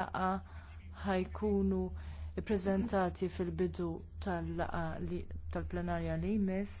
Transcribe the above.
laqa ħajkunu ppreżentati fil-bidu tal tal-plenarja li jmiss.